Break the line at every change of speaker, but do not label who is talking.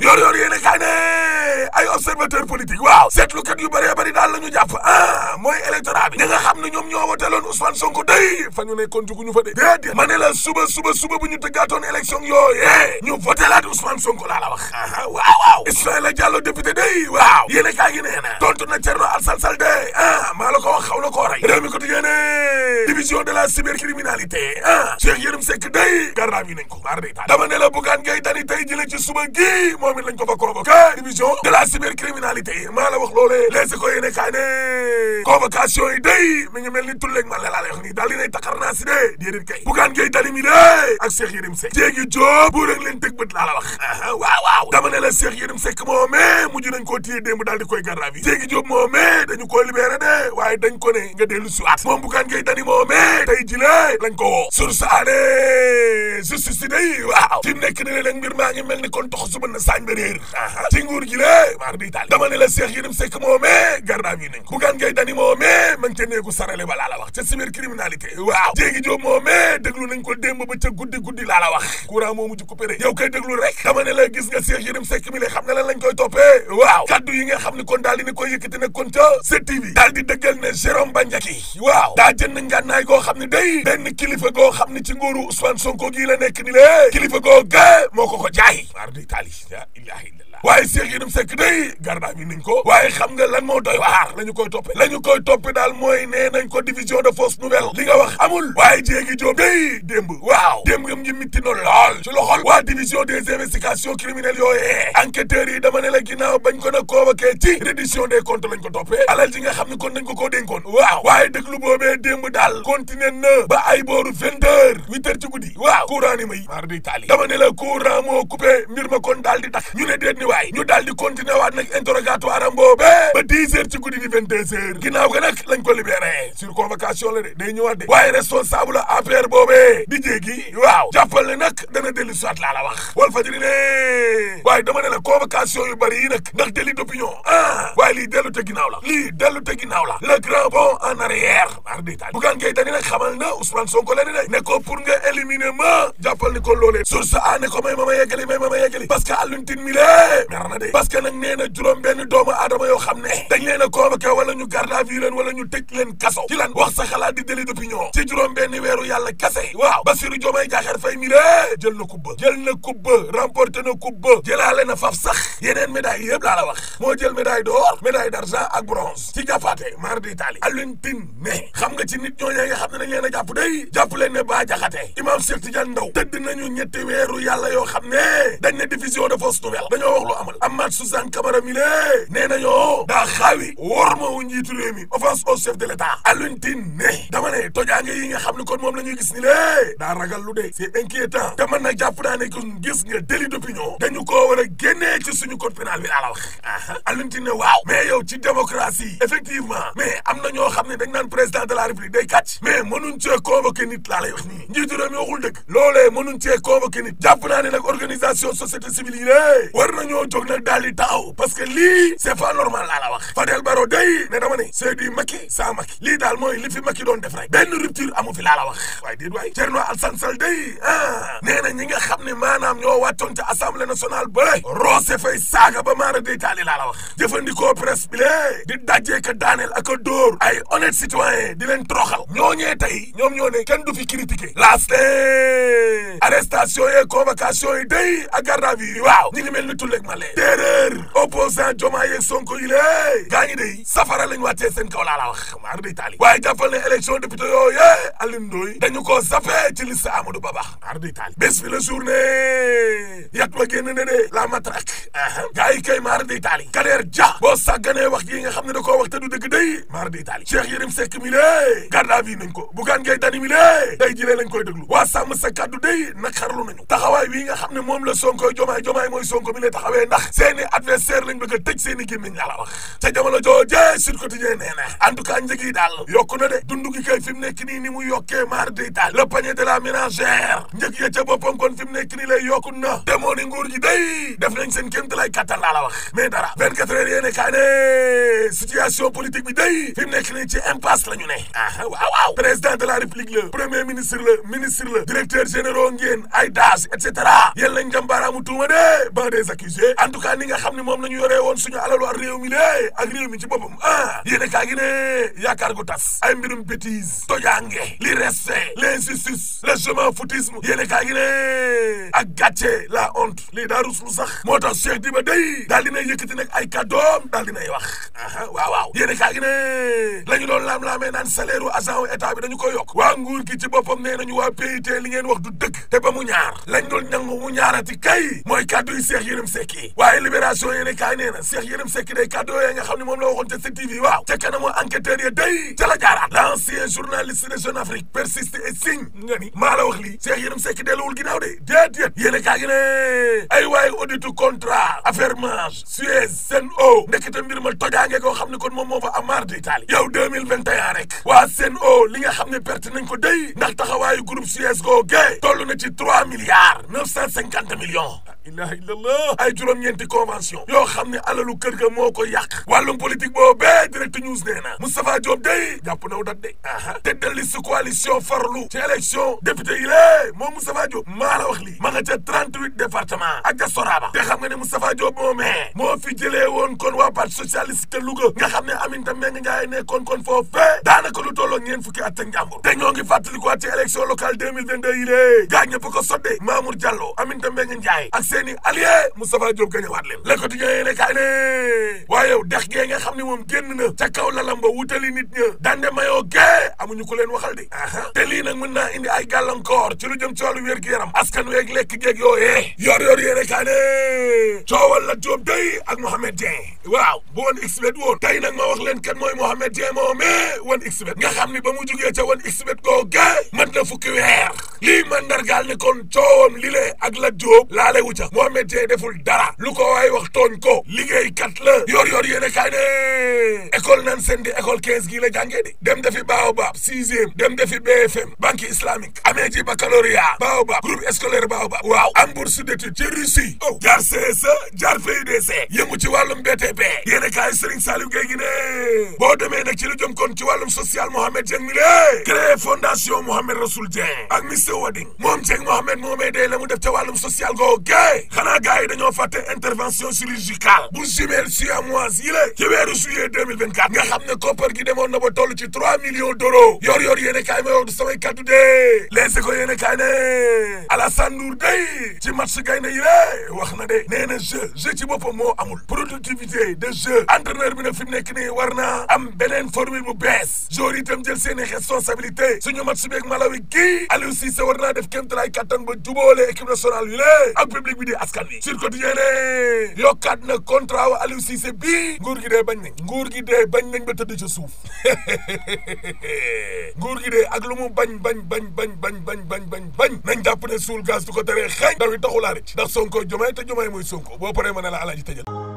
yor yor yéen observateur politique waaw seetlukat yu bëree bëri daal la ñu jàpp ah mooy électorat bi ña nga ñoom ñoo wataloon Ousmane Sonko day fa ñu nekkoon juguñu fa de déedéet ma suba suba suba bu ñu tëggaatoon élection yooyee ñu votelaat Ousmane Sonko laa la wax ah, waaw waaw Ismaïla Diallo député day waaw yéen a kaa ngi nee na tontu na Thierno Alassane Sall ah maa la wax xaw na koo rey réew mi ko tijjee ne de la cybercriminalité ah Cheikh Yérim Seck day garab yi nañ ko waar day cybercriminalité maa la wax loolee les ko yéene kaa ne yi day mi ngi mel ni tulleeg man la laa lay wax nii daal di nay taxar naa si dee déedéet kay bugaan ngay dali mi dee ak Cheikh Yérim Seck jéegi Joob bu rek leen tëg bët la wax waaw waaw dama la Cheikh Yérim Seck moomee mujj nañ koo téye démb daal di koy garab yi Joob moomee dañu koo libéré de waaye dañ ko ne nga dellu si waat moom bugaan ngay dali moomee tey ko woo sur saane justice si day waaw fi mu nekk ne leen mbir maa ngi mel ni kon tox su mën na saañ d'Italie dama ne la Cheikh Yérim Seck moomee garde à vue nañ ko Bougane Gueye Dany moomee ma ngi ca néegu sarale ba laa la wax ca cybercriminalité waaw jéegi Joob moomee déglu nañ ko démb ba ca guddi guddi laa wax courant moo mujj coupé yow koy déglu rek dama ne la gis nga Cheikh Yérim Seck mi xam ne koy toppee waaw kaddu yi xam ne kon daal ni koy yëkkati nag kon ca CTV daal di dëggal ne Jérôme Bandiaky waaw daa jënd ngànnaay xam ne day benn kilifa goo xam la nekk ni lée kilifa goo ga moo ko ko jaay waar di Italie la ilaha illallah waaye Cheikh Yérim Seck day day garda bi nañ ko waaye xam nga lan moo doy waar la ñu koy toppe la ñu koy toppe daal mooy nee nañ ko division de fausse nouvelle li nga wax amul waaye jéegi jóob day démb waaw démb ngam ngi mitti na lool ci loxol waa division des investigations criminelles yooyee enquêteurs yi dama ne bañ ko na convoqué ci reddition des comptes lañ ko toppee alal ji nga xam ne kon dañ ko koo waaw waaye déglu boobee démb daal continué na ba ay booru vingt heures ci guddi waaw courant defaat nag interrogatoire am boobee ba dix heures ci guddi di vingt deux heures ginnaaw ga nag lañ ko libéré sur convocation la de day ñëwaat de waaye responsable la APR boobee di jéegi waaw jàppal ne nag dana dellu soit laa la wax wal fajiri ne waaye dama la convocation yu bëri yi nag ndax délit d'opinion ah waaye lii dellu te ginnaaw la la grand bond en arrière ar détail Bougane Gueye Dany ne ko pour nga éliminer ma jàppal ko loolee source a ne ko may ma na juróom benn doomu aadama yoo xam ne dañ leen a convoqué wala ñu garde à ñu tëj leen kaso ci wax sa xalaat di délit d'opinion ci juróom benn weeru yàlla kase waaw Bassirou Diomaye Diakhar Faye mi ré jël na kubba jël na kubba remporté na kubba jëlaale na faf sax yeneen médaille yëpp laa la wax moo jël médaille d'or médaille d'argent ak bronze ci jàppaate mar d'Italie Alioune Tine ne xam nga ci nit ñooñee nga xam ne dañ leen a day jàpp Camara mi lée nee nañoo daa xaawi war ma wu njiitu réew mi offense au chef de l'État Alioune Tine dama ne tojaange yi nga xam ne kon moom la ñuy gis ni lée daa ragal lu dee c'est inquiétant te man nag jàpp naa ne ko gis nga délit d'opinion dañu koo war a génnee ci suñu code pénal bi laala wax aa Alioune Tine ne waaw mais yow ci démocratie effectivement mais am na ñoo xam ne dañ naan président de la république day kàcc mais mënuñ cee convoqué nit la lay wax nii njiitu réew mi waxul dëgg jàpp naa ne nag organisation société civile yi war na ñoo nag daal di parce que lii c'est pas normal laa la wax Fadel Barro day ne dama ne c'est du Macky lii daal mooy li fi Macky doon def rek benn rupture amu fi laa la wax waaye déet waay Thierno Alassane Sall day ah nee na ñi xam ne maanaam ñoo wàccoon ca assemblée nationale bële roose fay saaga ba maara day taali laa la wax jëfandikoo presse bi lee di dajee ka daaneel ak a dóor ay honnête citoyen di leen troxal ñooñee tey ñoom ñoo ne kenn du fi lee terreur opposant Diomaye ak Sonko yi lée gaa ñi day safara lañ wàccee seen kaw laa la wax maar day taali waaye jàppal ne élection député yooyu Alioune Ndoye dañu ko zappé ci liste Amadou Ba baax maar day taali bés bi la journée yàq wa génn ne la matraque aa gaa yi kay maar day taali Kader Dia boo sàgganee wax yi nga xam ne da koo du dëgg day maar day taali Cheikh Yérim Seck mi lée garde à vue ko Bougane Gueye Dany mi lée day jilee lañ koy déglu waa sàmm sa kaddu day nag xarlu nañu taxawaay ne moom la Sonko Diomaye Diomaye weer lañ bëgg a tëj seen i gémmiñ la wax ca jamono jooje Sud Quotidien nee na en daal yokku de dund gi nekk nii ni mu yokkee maar day taal le de la ménagère njëg ya ca boppam kon fi nekk nii lay yokku na ni nguur gi day def nañ seen kéem lay kattan laa la wax mais dara 24 heures yéene kaa ne situation politique bi day fi nekk nii ci impasse la ne ah waaw waaw président de la république la premier ministre la ministre la directeur généraux ñu yoree woon suñu alalu ak réew mi lée ak réew mi ci boppam ah yéen a kaa gi ne yaakaar gu tas ay mbirum bêtise tojaange li reste l'injustice le chemin foutisme yéen a kaa gi ne ak gàcce la honte lii daa ruslu sax moo tax Cheikh Diba day daal dinay yëkkati nag ay kàddoom daal nay wax aha waaw waaw yéen a kaa gi ne la ñu doon laam-laamee naan salaire u agent dañu ko yokk waa nguur gi ci boppam nee nañu waa PIT li ngeen wax du dëk te ba mu ñaar lañ doon ñangu mu ñaarati kay mooy kàddu yi Cheikh Yérim Seck yi waaye libération kaay nee na Cheikh Yérim Seck day kàddu yooyu nga xam ne moom la waxoon ca sa TV waaw ca kanamu enquêteurs ya day ca la jaaraat l'ancien journaliste de Jeune Afrique persiste et signe nga ni maa la wax lii Cheikh Yérim Seck delluwul ginnaaw de déet déet yéen kaa gi ne ay waaye auditu contrat affaire Mange Suez Sen'Eau ndekete mbir ma tojaange koo xam ne kon moom moo fa amaar di taali yow 2021 rek waa Sen'Eau li nga xam ne perte nañ ko day ndax taxawaayu groupe Suez koo gee toll na ci 3 milliards 950 millions ilaha illallah ay juróom-ñeenti convention yoo xam ne alalu kër ga moo ko yàq wàllum politique boobee direct news nee na Moustapha Diop day jàpp naw dat day aha teddal liste coalition farlu ci élection député yi lée moom Moustapha Diop maa la wax lii ma nga ca 38 département ak ja soraaba te xam nga ne Moustapha Diop moomee moo fi jëlee woon kon waa parti socialiste te Louga nga xam ne Aminata Mbengue Ndiaye nekkoon kon foofee daanaka lu tolloo ñeen fukki at ak njàmbur te ñoo ngi fàttali ko ci élection locale 2022 yi lée gaa ñëpp ko sodde Mamour Diallo Aminata Mbengue Ndiaye ak seeni allié Moustapha Diop gañe waat leen le quotidien yéene kaay ne waaye yow dex gee nga xam ne moom génn na ca kaw lalam ba wutali nit ña dande mayoo gee amuñu ko leen waxal de aha te lii nag mën naa indi ay gàllankoor ci lu jëm ci wàllu wér gi yaram askan weeg lekk géeg yooyee yor yor yéene kaay ne coowal la Diop day ak Mohamed Dieng waaw bu woon xbet woon tey nag ma wax leen kan mooy Mohamed Dieng moomee woon xbet nga xam ni ba mu jugee ca woon xbet goo gee mat na fukki weer lii mandargaal ne kon coowam li ca Mohamed Dieye deful dara lu ko waay wax tooñ ko liggéey liggéeykat la yor yor yéene kaay ne école nan seen di école 15 gii la jàngee di dem defi Baobab sixième dem defi BFM banque islamique amee ji baccalauréat Baobab groupe scolaire Baobab waaw am bourse d'étude ci Russie oh jaar CSA e jaar PUDC yëngu ci wàllum BTP yéene kaay Serigne Saliou Gueye gi ne boo demee nag ci lu jëm kon ci wàllum social Mohamed Dieng mi lé créé fondation Mohamed Rasoul Dieng ak monsieur Wading moom la mu def ca wàllum social googu waaye xanaa gars yi dañoo fàtte intervention chirurgicale bu jumelle siamoise yi la ci weeru juillet 2024 nga xam ne koppar gi demoon na ba toll ci 3 millions d'euros yor yor yéen a kaay ma yor samay kaddu dee les écoles yéen a kaay ne Alassane Ndour day ci match gaynde yi wax na de nee na jeu ci boppam moo amul productivité de jeu entraîneur bi na fi nekk nii war am beneen formule bu bees joueurs itam jël seeni responsabilité suñu match beeg Malawi bi di askan wi sur quotidien ne yokkaat na contrat wa Aliou Cissé bii nguur gi dee bañ nañ nguur gi dee bañ nañ ba tëdd ca suuf nguur gi dee ak lu mu bañ bañ bañ bañ bañ bañ bañ bañ bañ nañ jàpp ne suul gaz du ko teree xeeñ daw yi taxulaa Sonko jomaay te jomaay mooy Sonko boo paree ma ne la alaaji tëjal